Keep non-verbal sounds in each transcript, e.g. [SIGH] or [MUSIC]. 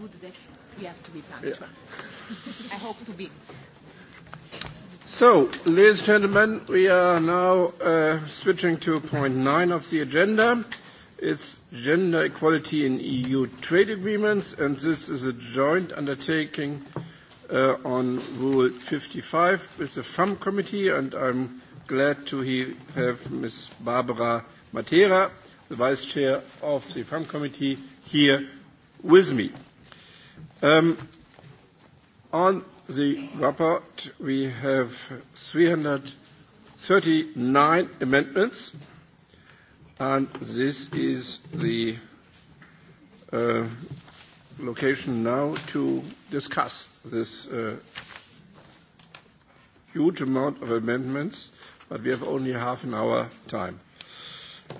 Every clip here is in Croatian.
good that we have to be punctual. Yeah. I hope to be. So, ladies and gentlemen, we are now uh, switching to point nine of the agenda. It's gender equality in EU trade agreements, and this is a joint undertaking uh, on Rule 55 with the FAM committee, and I'm glad to he have Ms. Barbara Matera, the Vice Chair of the FAM committee, here with me. Um, on the report, we have 339 amendments, and this is the uh, location now to discuss this uh, huge amount of amendments, but we have only half an hour time.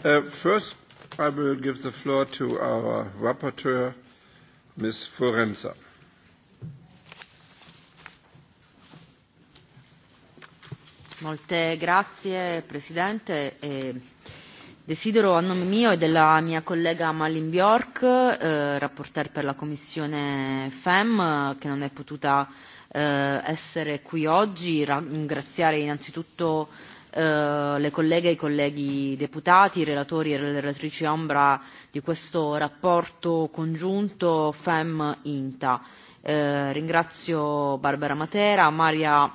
Uh, first, I will give the floor to our rapporteur, Ms. Forenza. Molte grazie Presidente. E desidero a nome mio e della mia collega Malin Bjork, eh, rapporter per la Commissione FEM, che non è potuta eh, essere qui oggi, ringraziare innanzitutto Eh, le colleghe e i colleghi deputati, i relatori e le relatrici ombra di questo rapporto congiunto FEM-INTA. Eh, ringrazio Barbara Matera, Maria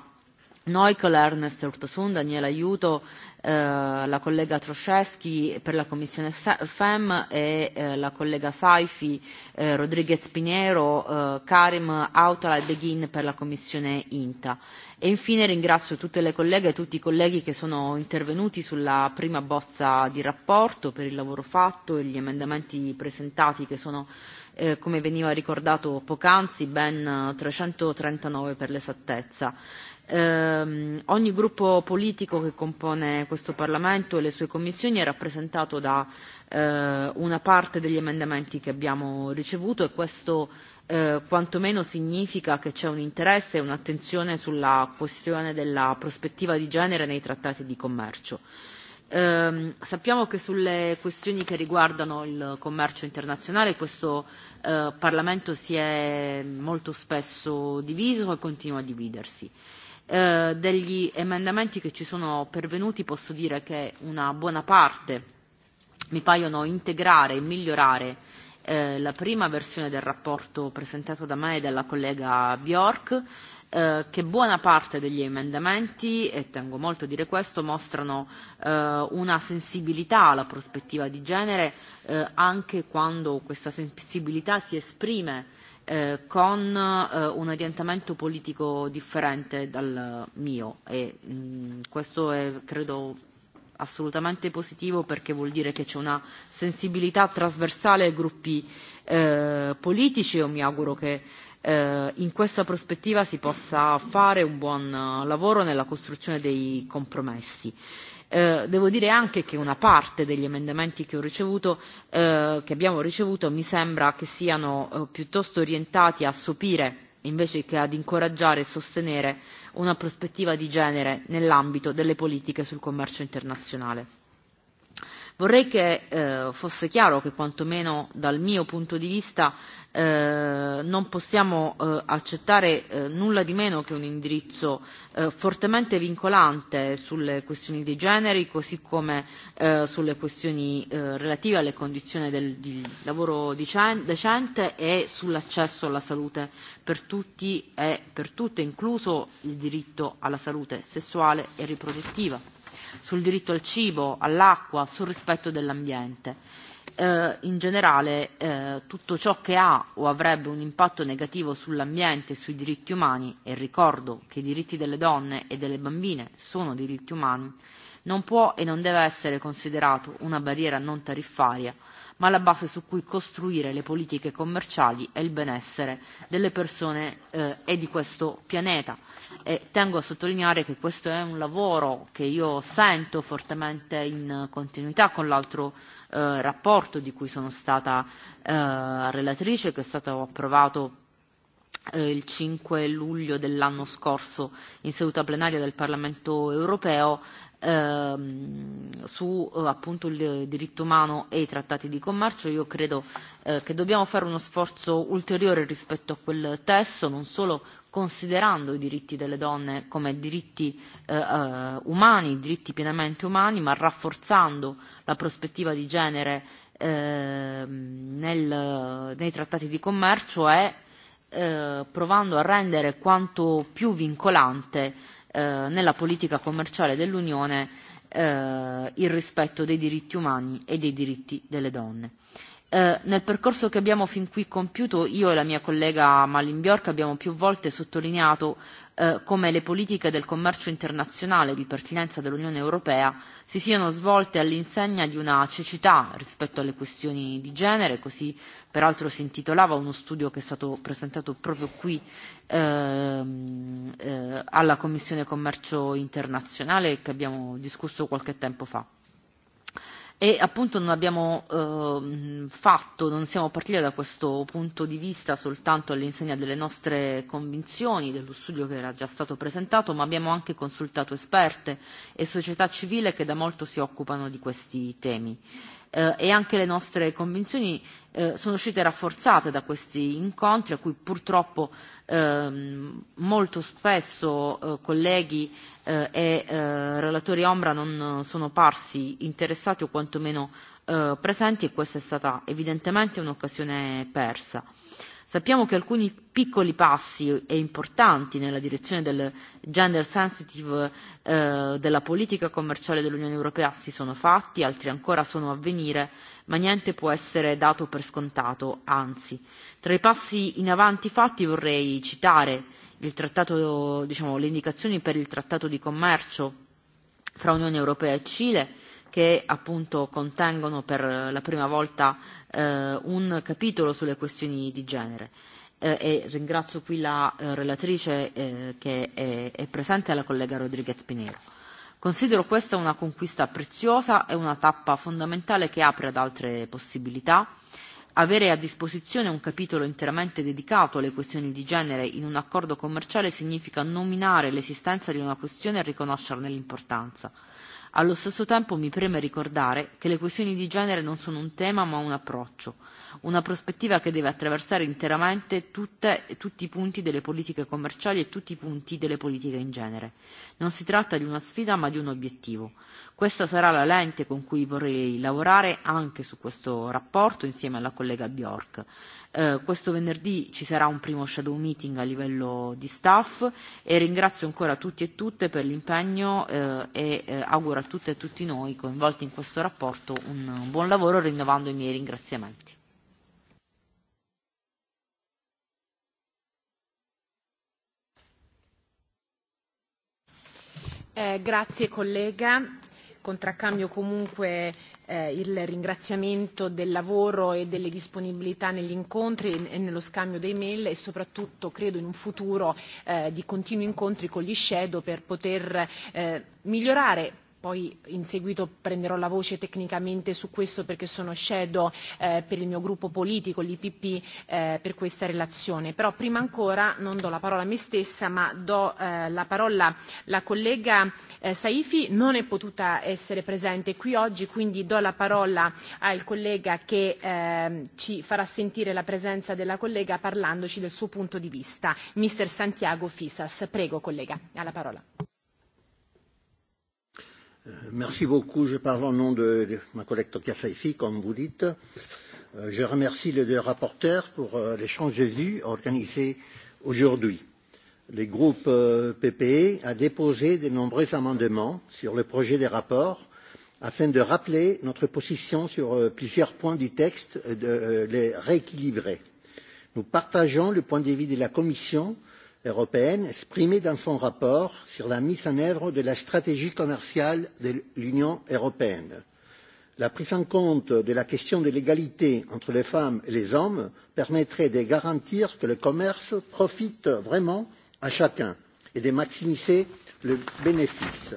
Neukel, Ernest Urtasun, Daniela Aiuto Eh, la collega Trošeski per la Commissione FEM e, e eh, la collega Saifi, eh, Rodriguez Pinero, eh, Karim Autala e per la Commissione INTA. E infine ringrazio tutte le colleghe e tutti i colleghi che sono intervenuti sulla prima bozza di rapporto per il lavoro fatto e gli emendamenti presentati che sono come veniva ricordato poc'anzi ben 339 per l'esattezza eh, ogni gruppo politico che compone questo Parlamento e le sue commissioni è rappresentato da eh, una parte degli emendamenti che abbiamo ricevuto e questo eh, quantomeno significa che c'è un interesse e un'attenzione sulla questione della prospettiva di genere nei trattati di commercio. Eh, sappiamo che sulle questioni che riguardano il commercio internazionale questo eh, Parlamento si è molto spesso diviso e continua a dividersi. Eh, degli emendamenti che ci sono pervenuti posso dire che una buona parte mi paiono integrare e migliorare eh, la prima versione del rapporto presentato da me e dalla collega Bjork, eh, che buona parte degli emendamenti, e tengo molto a dire questo, mostrano una sensibilità alla prospettiva di genere, anche quando questa sensibilità si esprime Eh, con eh, un orientamento politico differente dal mio e mm, questo è credo assolutamente positivo perché vuol dire che c'è una sensibilità trasversale ai gruppi eh, politici e mi auguro che in questa prospettiva si possa fare un buon lavoro nella costruzione dei compromessi. Eh, devo dire anche che una parte degli emendamenti che ho ricevuto eh, che abbiamo ricevuto mi sembra che siano eh, piuttosto orientati a sopire invece che ad incoraggiare e sostenere una prospettiva di genere nell'ambito delle politiche sul commercio internazionale Vorrei che eh, fosse chiaro che quantomeno dal mio punto di vista eh, non possiamo eh, accettare eh, nulla di meno che un indirizzo eh, fortemente vincolante sulle questioni dei generi così come eh, sulle questioni relative alle condizioni del lavoro decente e sull'accesso alla salute per tutti e per tutte, incluso il diritto alla salute sessuale e riproduttiva sul diritto al cibo, all'acqua, sul rispetto dell'ambiente. Eh, in generale eh, tutto ciò che ha o avrebbe un impatto negativo sull'ambiente e sui diritti umani, e ricordo che i diritti delle donne e delle bambine sono diritti umani, non può e non deve essere considerato una barriera non tariffaria ma la base su cui costruire le politiche commerciali e il benessere delle persone eh, e di questo pianeta e tengo a sottolineare che questo è un lavoro che io sento fortemente in continuità con l'altro eh, rapporto di cui sono stata eh, relatrice che è stato approvato eh, il 5 luglio dell'anno scorso in seduta plenaria del Parlamento europeo ehm, su eh, appunto il diritto umano e i trattati di commercio io credo eh, che dobbiamo fare uno sforzo ulteriore rispetto a quel testo non solo considerando i diritti delle donne come diritti eh, umani, diritti pienamente umani, ma rafforzando la prospettiva di genere ehm, nel, nei trattati di commercio e provando a rendere quanto più vincolante Eh, nella politica commerciale dell'Unione eh, il rispetto dei diritti umani e dei diritti delle donne Eh, nel percorso che abbiamo fin qui compiuto io e la mia collega Malin Bjork abbiamo più volte sottolineato eh, come le politiche del commercio internazionale di pertinenza dell'Unione Europea si siano svolte all'insegna di una cecità rispetto alle questioni di genere, così peraltro si intitolava uno studio che è stato presentato proprio qui ehm, eh, alla Commissione Commercio Internazionale che abbiamo discusso qualche tempo fa e appunto non abbiamo ehm, fatto, non siamo partiti da questo punto di vista soltanto all'insegna delle nostre convinzioni, dello studio che era già stato presentato, ma abbiamo anche consultato esperte e società civile che da molto si occupano di questi temi. Eh, e anche le nostre convinzioni Eh, sono uscite rafforzate da questi incontri a cui purtroppo ehm, molto spesso eh, colleghi eh, e relatori ombra non sono parsi interessati o quantomeno presenti e questa è stata evidentemente un'occasione persa. Sappiamo che alcuni piccoli passi e importanti nella direzione del gender sensitive eh, della politica commerciale dell'Unione Europea si sono fatti, altri ancora sono a venire, ma niente può essere dato per scontato, anzi. Tra i passi in avanti fatti vorrei citare il trattato, diciamo, le indicazioni per il trattato di commercio fra Unione Europea e Cile, che appunto contengono per la prima volta eh, un capitolo sulle questioni di genere. Eh, e ringrazio qui la eh, relatrice eh, che è, è presente, la collega Rodriguez Pinero. Considero questa una conquista preziosa e una tappa fondamentale che apre ad altre possibilità. Avere a disposizione un capitolo interamente dedicato alle questioni di genere in un accordo commerciale significa nominare l'esistenza di una questione e riconoscerne l'importanza Allo stesso tempo mi preme ricordare che le questioni di genere non sono un tema ma un approccio, una prospettiva che deve attraversare interamente tutte, tutti i punti delle politiche commerciali e tutti i punti delle politiche in genere. Non si tratta di una sfida ma di un obiettivo. Questa sarà la lente con cui vorrei lavorare anche su questo rapporto insieme alla collega Bjork Eh, questo venerdì ci sarà un primo shadow meeting a livello di staff e ringrazio ancora tutti e tutte per l'impegno eh, e eh, auguro a tutte e tutti noi coinvolti in questo rapporto un, buon lavoro rinnovando i miei ringraziamenti. Eh, grazie collega contraccambio comunque eh, il ringraziamento del lavoro e delle disponibilità negli incontri e, e nello scambio dei mail e soprattutto credo in un futuro eh, di continui incontri con gli shadow per poter eh, migliorare poi in seguito prenderò la voce tecnicamente su questo perché sono shadow eh, per il mio gruppo politico, l'IPP, eh, per questa relazione. Però prima ancora non do la parola a me stessa ma do eh, la parola alla collega Saifi, non è potuta essere presente qui oggi quindi do la parola al collega che ehm, ci farà sentire la presenza della collega parlandoci del suo punto di vista. Mister Santiago Fisas, prego collega, alla parola. Merci beaucoup. Je parle au nom de, ma collègue Tokia Saifi, comme vous dites. Euh, je remercie les deux rapporteurs pour euh, l'échange de vues organisé aujourd'hui. Le groupe euh, PPE a déposé de nombreux amendements sur le projet de rapport afin de rappeler notre position sur plusieurs points du texte et de les rééquilibrer. Nous partageons le point de vue de la Commission européenne exprimée dans son rapport sur la mise en œuvre de la stratégie commerciale de l'union européenne. la prise en compte de la question de l'égalité entre les femmes et les hommes permettrait de garantir que le commerce profite vraiment à chacun et de maximiser le bénéfice.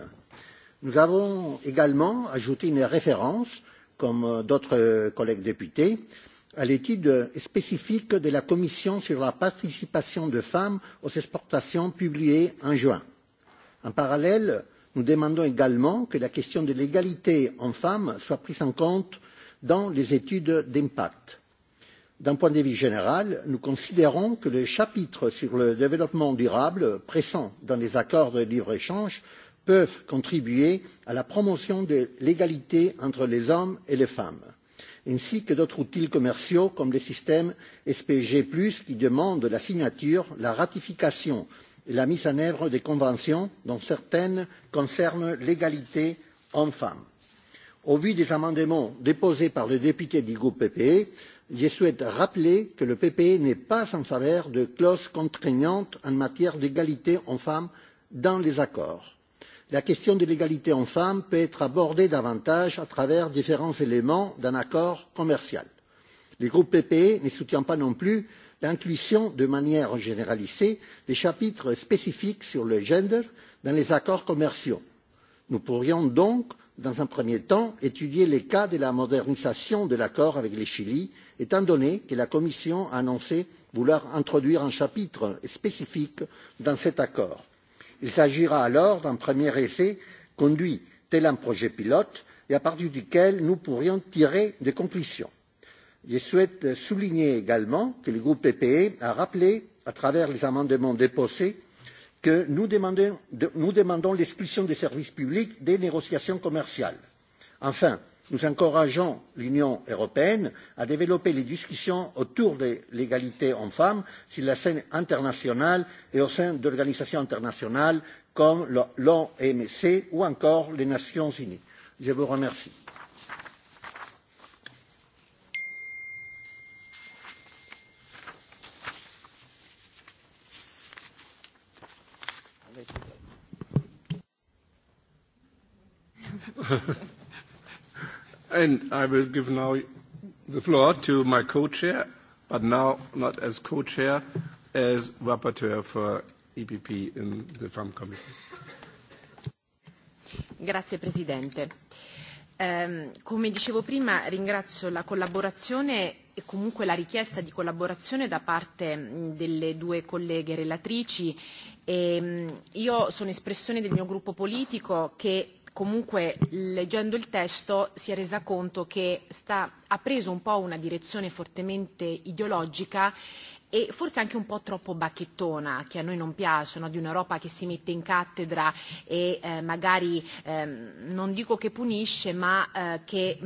nous avons également ajouté une référence comme d'autres collègues députés à l'étude spécifique de la commission sur la participation des femmes aux exportations publiée en juin. en parallèle nous demandons également que la question de l'égalité hommes femmes soit prise en compte dans les études d'impact. d'un point de vue général nous considérons que le chapitre sur le développement durable présent dans les accords de libre échange peuvent contribuer à la promotion de l'égalité entre les hommes et les femmes ainsi que d'autres outils commerciaux comme les systèmes spg qui demandent la signature la ratification et la mise en œuvre des conventions dont certaines concernent l'égalité hommes femmes. au vu des amendements déposés par les députés du groupe ppe je souhaite rappeler que le ppe n'est pas en faveur de clauses contraignantes en matière d'égalité hommes femmes dans les accords la question de l'égalité hommes femmes peut être abordée davantage à travers différents éléments d'un accord commercial. le groupe ppe ne soutient pas non plus l'inclusion de manière généralisée des chapitres spécifiques sur le genre dans les accords commerciaux. nous pourrions donc dans un premier temps étudier le cas de la modernisation de l'accord avec le chili étant donné que la commission a annoncé vouloir introduire un chapitre spécifique dans cet accord il s'agira alors d'un premier essai conduit tel un projet pilote et à partir duquel nous pourrions tirer des conclusions. je souhaite souligner également que le groupe ppe a rappelé à travers les amendements déposés que nous demandons l'exclusion des services publics des négociations commerciales. enfin nous encourageons l'union européenne à développer les discussions autour de l'égalité hommes femmes sur la scène internationale et au sein d'organisations internationales comme l'omc ou encore les nations unies. je vous remercie. [LAUGHS] And I will give now the floor to my co-chair, but now not as co-chair, as rapporteur for EPP in the Farm Committee. Grazie Presidente. Um, come dicevo prima ringrazio la collaborazione e comunque la richiesta di collaborazione da parte mm, delle due colleghe relatrici e io sono espressione del mio gruppo politico che comunque leggendo il testo si è resa conto che sta, ha preso un po' una direzione fortemente ideologica e forse anche un po' troppo bacchettona, che a noi non piace, no? di un'Europa che si mette in cattedra e eh, magari ehm, non dico che punisce, ma eh, che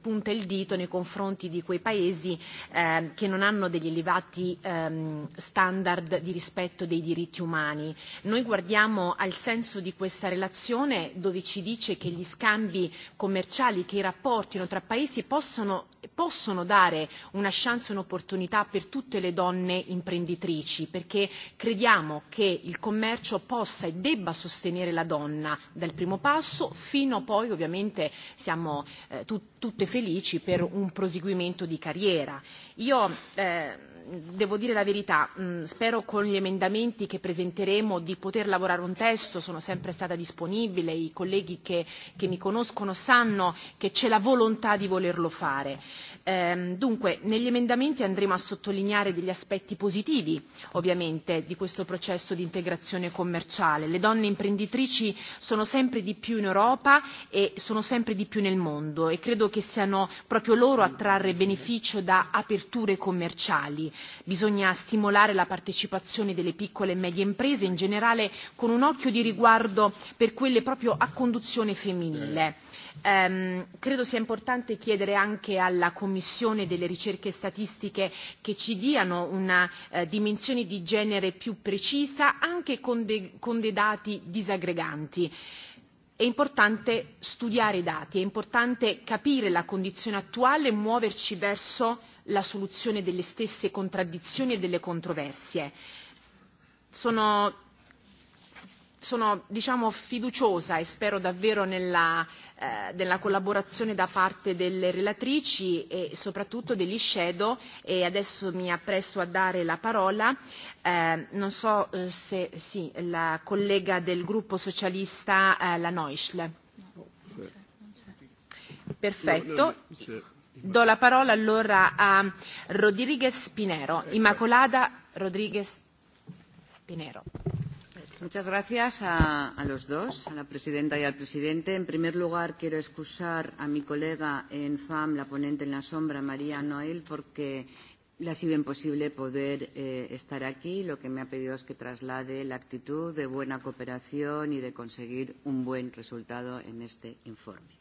punta il dito nei confronti di quei paesi ehm, che non hanno degli elevati ehm, standard di rispetto dei diritti umani. Noi guardiamo al senso di questa relazione dove ci dice che gli scambi commerciali, che i rapporti tra paesi possono, possono dare una chance, un'opportunità per tutte le donne donne imprenditrici, perché crediamo che il commercio possa e debba sostenere la donna dal primo passo fino poi ovviamente siamo eh, tu, tutte felici per un proseguimento di carriera. Io eh, devo dire la verità, mm, spero con gli emendamenti che presenteremo di poter lavorare un testo, sono sempre stata disponibile, i colleghi che, che mi conoscono sanno che c'è la volontà di volerlo fare. Ehm, dunque, negli emendamenti andremo a sottolineare degli aspetti positivi, ovviamente, di questo processo di integrazione commerciale. Le donne imprenditrici sono sempre di più in Europa e sono sempre di più nel mondo e credo che siano proprio loro a trarre beneficio da aperture commerciali Bisogna stimolare la partecipazione delle piccole e medie imprese in generale con un occhio di riguardo per quelle proprio a conduzione femminile. Ehm, credo sia importante chiedere anche alla Commissione delle ricerche statistiche che ci diano una eh, dimensione di genere più precisa anche con, con dei dati disaggreganti. È importante studiare i dati, è importante capire la condizione attuale e muoverci verso la soluzione delle stesse contraddizioni e delle controversie. Sono, sono diciamo fiduciosa e spero davvero nella, eh, collaborazione da parte delle relatrici e soprattutto degli e adesso mi appresso a dare la parola non so se sì, la collega del gruppo socialista la Neuschle. Perfetto. Do la parola allora a Rodriguez Pinero. Inmacolada Rodríguez Pinero. Muchas gracias a, a los dos, a la presidenta y al presidente. En primer lugar, quiero excusar a mi colega en FAM, la ponente en la sombra, María Noel, porque le ha sido imposible poder eh, estar aquí. Lo que me ha pedido es que traslade la actitud de buena cooperación y de conseguir un buen resultado en este informe.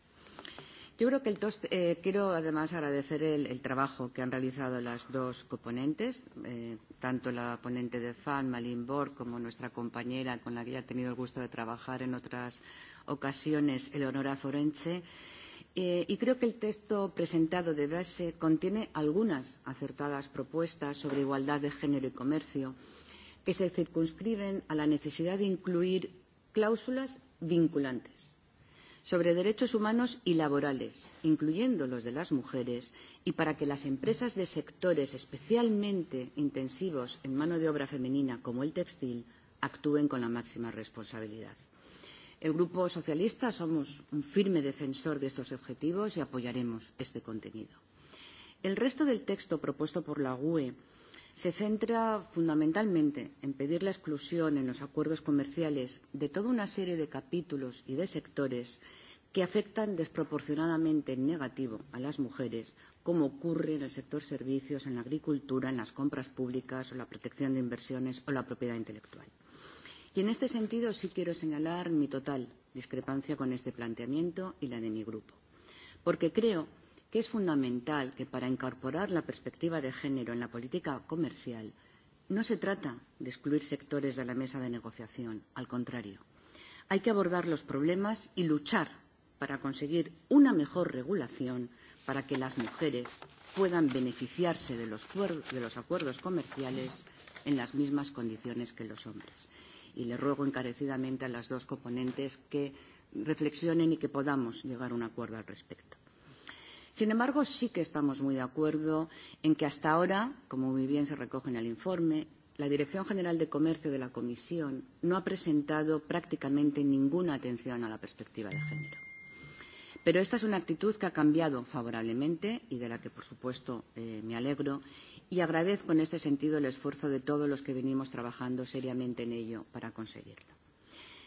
Yo creo que el tos, eh, quiero además agradecer el, el trabajo que han realizado las dos coponentes, eh, tanto la ponente de FAN, Malin Borg, como nuestra compañera con la que ya he tenido el gusto de trabajar en otras ocasiones, Eleonora Forense, Eh, y creo que el texto presentado de base contiene algunas acertadas propuestas sobre igualdad de género y comercio que se circunscriben a la necesidad de incluir cláusulas vinculantes sobre derechos humanos y laborales, incluyendo los de las mujeres, y para que las empresas de sectores especialmente intensivos en mano de obra femenina, como el textil, actúen con la máxima responsabilidad. El Grupo Socialista somos un firme defensor de estos objetivos y apoyaremos este contenido. El resto del texto propuesto por la UE se centra fundamentalmente en pedir la exclusión en los acuerdos comerciales de toda una serie de capítulos y de sectores que afectan desproporcionadamente en negativo a las mujeres, como ocurre en el sector servicios, en la agricultura, en las compras públicas o la protección de inversiones o la propiedad intelectual. Y en este sentido sí quiero señalar mi total discrepancia con este planteamiento y la de mi grupo, porque creo que es fundamental que para incorporar la perspectiva de género en la política comercial no se trata de excluir sectores de la mesa de negociación, al contrario. Hay que abordar los problemas y luchar para conseguir una mejor regulación para que las mujeres puedan beneficiarse de los, de los acuerdos comerciales en las mismas condiciones que los hombres. Y le ruego encarecidamente a las dos componentes que reflexionen y que podamos llegar a un acuerdo al respecto. Sin embargo, sí que estamos muy de acuerdo en que hasta ahora, como muy bien se recoge en el informe, la Dirección General de Comercio de la Comisión no ha presentado prácticamente ninguna atención a la perspectiva de género. Pero esta es una actitud que ha cambiado favorablemente y de la que, por supuesto, eh, me alegro y agradezco en este sentido el esfuerzo de todos los que venimos trabajando seriamente en ello para conseguirlo.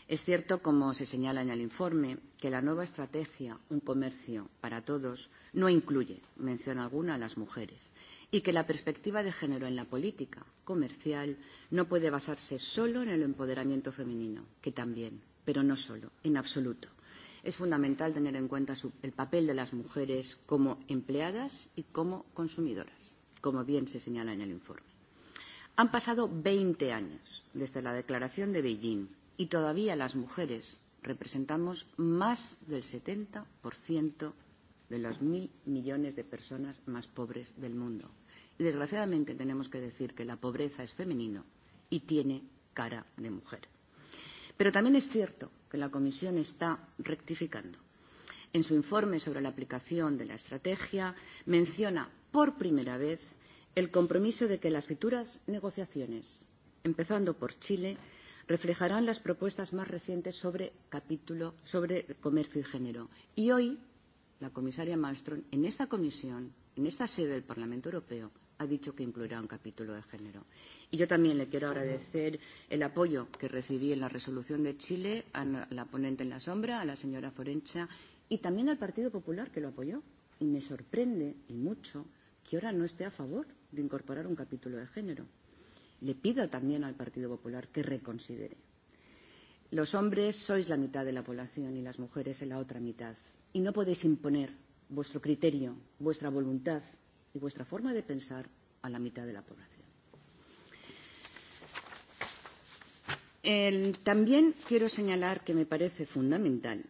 Es cierto, como se señala en el informe, que la nueva estrategia Un comercio para todos no incluye mención alguna a las mujeres y que la perspectiva de género en la política comercial no puede basarse solo en el empoderamiento femenino, que también, pero no solo, en absoluto. Es fundamental tener en cuenta el papel de las mujeres como empleadas y como consumidoras, como bien se señala en el informe. Han pasado 20 años desde la declaración de Beijing y todavía las mujeres representamos más del 70% de los mil millones de personas más pobres del mundo. Y desgraciadamente tenemos que decir que la pobreza es femenino y tiene cara de mujer. Pero también es cierto que la Comisión está rectificando. En su informe sobre la aplicación de la estrategia menciona por primera vez el compromiso de que las futuras negociaciones, empezando por Chile, reflejarán las propuestas más recientes sobre capítulo sobre comercio y género. Y hoy la comisaria Malmström en esta comisión, en esta sede del Parlamento Europeo, ha dicho que incluirá un capítulo de género. Y yo también le quiero agradecer el apoyo que recibí en la resolución de Chile a la ponente en la sombra, a la señora Forencha, y también al Partido Popular que lo apoyó. Y me sorprende y mucho que ahora no esté a favor de incorporar un capítulo de género le pido también al Partido Popular que reconsidere. Los hombres sois la mitad de la población y las mujeres en la otra mitad. Y no podéis imponer vuestro criterio, vuestra voluntad y vuestra forma de pensar a la mitad de la población. El, también quiero señalar que me parece fundamental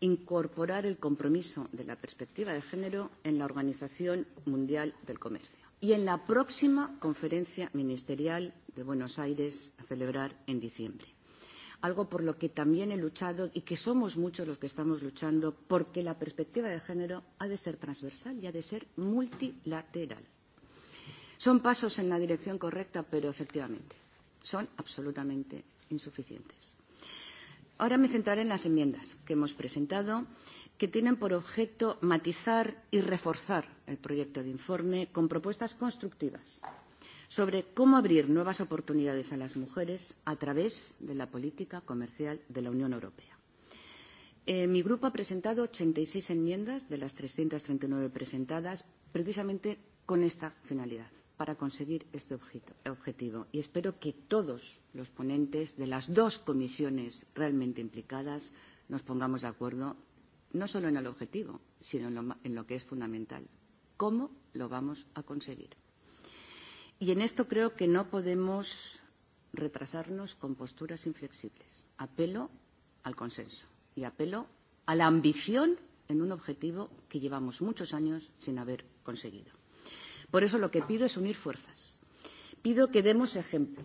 incorporar el compromiso de la perspectiva de género en la Organización Mundial del Comercio y en la próxima conferencia ministerial de Buenos Aires a celebrar en diciembre. Algo por lo que también he luchado y que somos muchos los que estamos luchando porque la perspectiva de género ha de ser transversal y ha de ser multilateral. Son pasos en la dirección correcta, pero efectivamente son absolutamente insuficientes. Ahora me centraré en las enmiendas que hemos presentado, que tienen por objeto matizar y reforzar el proyecto de informe con propuestas constructivas sobre cómo abrir nuevas oportunidades a las mujeres a través de la política comercial de la Unión Europea. Eh, mi grupo ha presentado 86 enmiendas de las 339 presentadas precisamente con esta finalidad, para conseguir este objetivo. Y espero que todos los ponentes de las dos comisiones realmente implicadas nos pongamos de acuerdo no solo en el objetivo, sino en lo que es fundamental, cómo lo vamos a conseguir. Y en esto creo que no podemos retrasarnos con posturas inflexibles. Apelo al consenso y apelo a la ambición en un objetivo que llevamos muchos años sin haber conseguido. Por eso lo que pido es unir fuerzas. Pido que demos ejemplo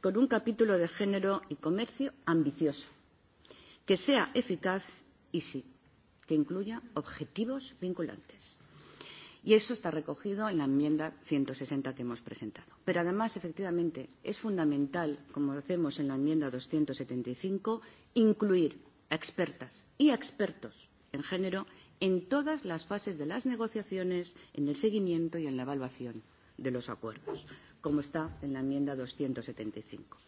con un capítulo de género y comercio ambicioso, que sea eficaz y sí, que incluya objetivos vinculantes Y eso está recogido en la enmienda 160 que hemos presentado. Pero además, efectivamente, es fundamental, como hacemos en la enmienda 275, incluir a expertas y a expertos en género en todas las fases de las negociaciones, en el seguimiento y en la evaluación de los acuerdos, como está en la enmienda 275.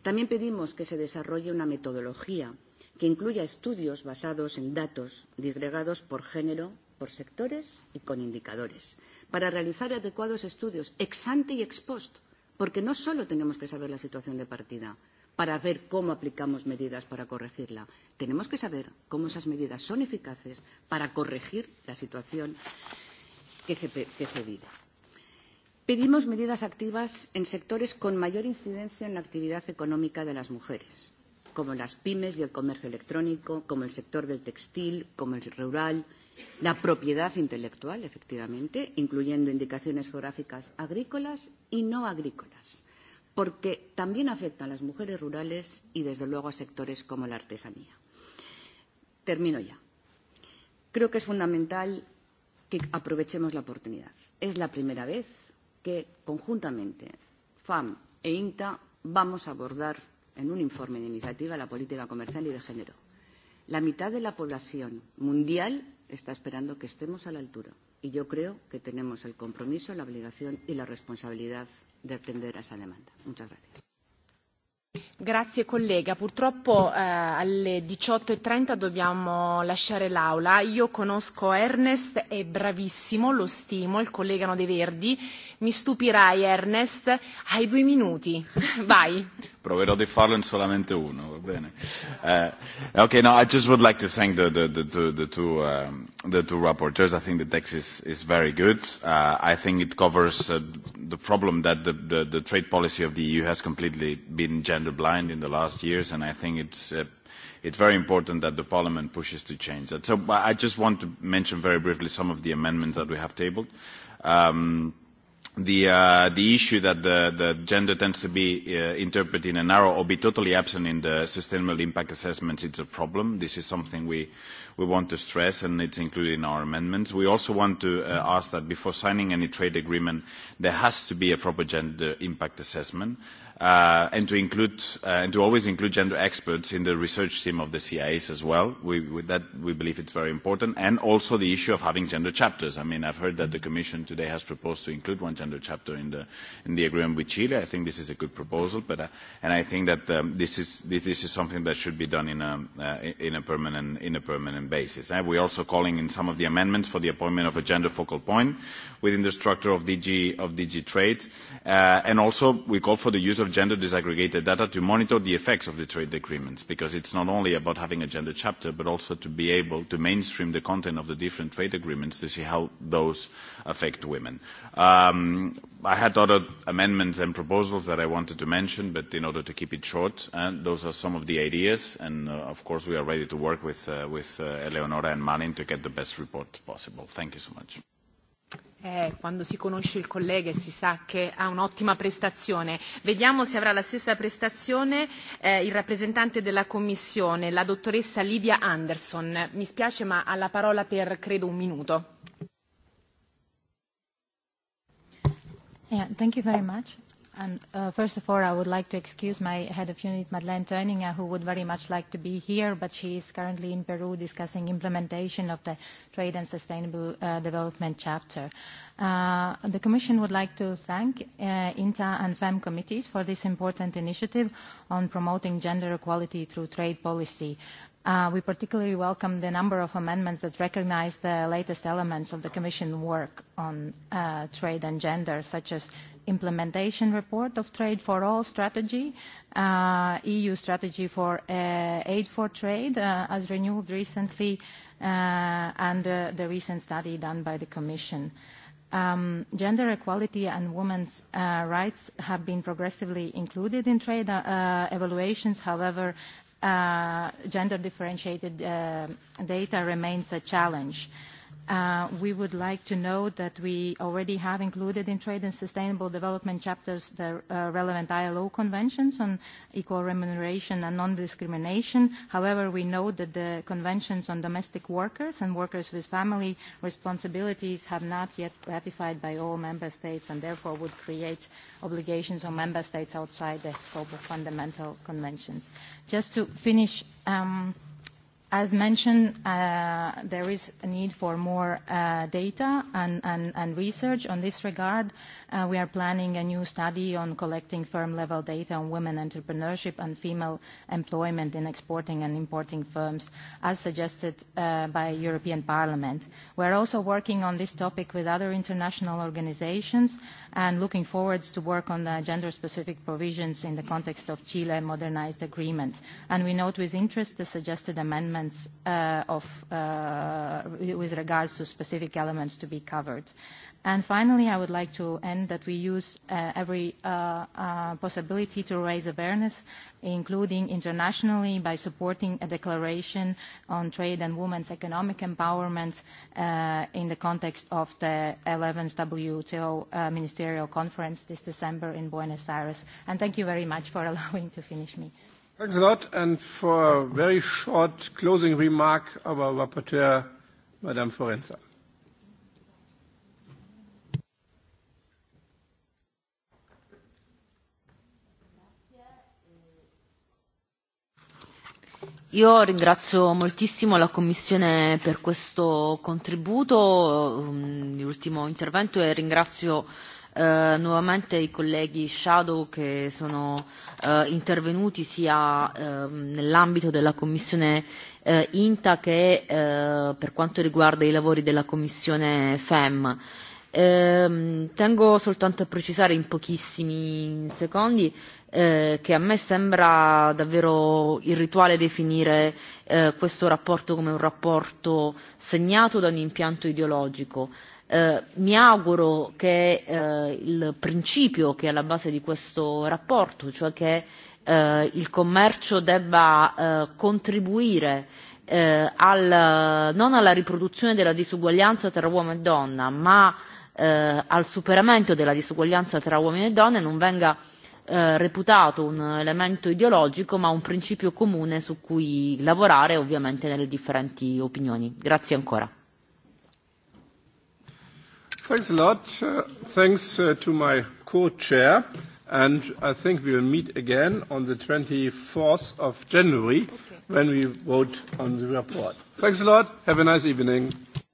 También pedimos que se desarrolle una metodología que incluya estudios basados en datos disgregados por género, por sectores y con indicadores, para realizar adecuados estudios ex ante y ex post, porque no solo tenemos que saber la situación de partida para ver cómo aplicamos medidas para corregirla, tenemos que saber cómo esas medidas son eficaces para corregir la situación que se, que se vive. Pedimos medidas activas en sectores con mayor incidencia en la actividad económica de las mujeres, como las pymes y el comercio electrónico, como el sector del textil, como el rural, La propiedad intelectual, efectivamente, incluyendo indicaciones geográficas agrícolas y no agrícolas, porque también afecta a las mujeres rurales y, desde luego, a sectores como la artesanía. Termino ya. Creo que es fundamental que aprovechemos la oportunidad. Es la primera vez que, conjuntamente, FAM e INTA vamos a abordar en un informe de iniciativa la política comercial y de género. La mitad de la población mundial está esperando que estemos a la altura. Y yo creo que tenemos el compromiso, la obligación y la responsabilidad de atender a esa demanda. Muchas gracias. Grazie collega, purtroppo eh, alle 18.30 e dobbiamo lasciare l'aula. Io conosco Ernest, è bravissimo, lo stimo, il collegano dei Verdi. Mi stupirai Ernest, hai due minuti, [LAUGHS] vai. Proverò di farlo solamente uno, va bene. Uh, okay, no, I just would like to thank the, the, the, the, the, two, um, the two rapporteurs. I think the text is, is very good. Uh, I think it covers uh, the problem that the, the, the trade policy of the EU has completely been gender blind in the last years, and I think it's uh, it's very important that the parliament pushes to change that. So I just want to mention very briefly some of the amendments that we have tabled. Um, the uh, the issue that the, the gender tends to be uh, interpreted in a narrow or be totally absent in the sustainable impact assessments it's a problem this is something we we want to stress and it's included in our amendments we also want to uh, ask that before signing any trade agreement there has to be a proper gender impact assessment Uh, and to include uh, and to always include gender experts in the research team of the CIAs as well. We, that we believe it's very important, and also the issue of having gender chapters. I mean, I've heard that the Commission today has proposed to include one gender chapter in the in the agreement with Chile. I think this is a good proposal, but uh, and I think that um, this is this, this is something that should be done in a in a permanent in a permanent basis. And we're also calling in some of the amendments for the appointment of a gender focal point within the structure of DG of DG Trade, and also we call for the use of of gender disaggregated data to monitor the effects of the trade agreements because it's not only about having a gender chapter but also to be able to mainstream the content of the different trade agreements to see how those affect women. Um, I had other amendments and proposals that I wanted to mention, but in order to keep it short, and uh, those are some of the ideas, and uh, of course we are ready to work with, uh, with uh, Eleonora and Manin to get the best report possible. Thank you so much eh, quando si conosce il collega e si sa che ha un'ottima prestazione. Vediamo se avrà la stessa prestazione eh, il rappresentante della Commissione, la dottoressa Lidia Anderson. Mi spiace ma ha la parola per credo un minuto. Yeah, thank you very much. And uh, first of all, I would like to excuse my head of unit, Madeleine Tönninger, who would very much like to be here, but she is currently in Peru discussing implementation of the Trade and Sustainable uh, Development chapter. Uh, the Commission would like to thank INTA and FEM committees for this important initiative on promoting gender equality through trade policy. We particularly welcome the number of amendments that recognize the latest elements of the Commission work on trade and gender, such as implementation report of Trade for All strategy, uh, EU strategy for uh, aid for trade, uh, as renewed recently, uh, and the recent study done by the Commission. Um, gender equality and women's rights have been progressively included in trade evaluations. However, gender differentiated data remains a challenge. Uh, we would like to note that we already have included in trade and sustainable development chapters the uh, relevant ILO conventions on equal remuneration and non-discrimination. However, we know that the conventions on domestic workers and workers with family responsibilities have not yet ratified by all member states and therefore would create obligations on member states outside the scope of fundamental conventions. Just to finish, um, As mentioned, uh, there is a need for more uh, data and, and, research on this regard. Uh, we are planning a new study on collecting firm-level data on women entrepreneurship and female employment in exporting and importing firms, as suggested by European Parliament. We are also working on this topic with other international organizations, and looking forward to work on the gender-specific provisions in the context of Chile modernized agreement. And we note with interest the suggested amendments uh, of, uh, with regards to specific elements to be covered finally, I would like to end that we use uh, every uh, uh, possibility to raise awareness, including internationally by supporting a declaration on trade and women's economic empowerment in the context of the 11th WTO Ministerial Conference this December in Buenos Aires. And thank you very much for [LAUGHS] allowing to finish me. Thanks a lot. And for a very short closing remark, our rapporteur, Madame Forenza. Io ringrazio moltissimo la Commissione per questo contributo, um, l'ultimo intervento e ringrazio eh, nuovamente i colleghi shadow che sono eh, intervenuti sia ehm, nell'ambito della commissione eh, INTA che per quanto riguarda i lavori della commissione FEM. Ehm, tengo soltanto a precisare in pochissimi secondi Eh, che a me sembra davvero irrituale definire eh, questo rapporto come un rapporto segnato da un impianto ideologico. Eh, mi auguro che eh, il principio che è alla base di questo rapporto, cioè che eh, il commercio debba contribuire al, non alla riproduzione della disuguaglianza tra uomo e donna, ma al superamento della disuguaglianza tra uomini e donne non venga eh, reputato un elemento ideologico ma un principio comune su cui lavorare ovviamente nelle differenti opinioni. Grazie ancora. Thanks a lot. Uh, thanks uh, to my co-chair and I think we will meet again on the 24th of January okay. when we vote on the report. Thanks a lot. Have a nice evening.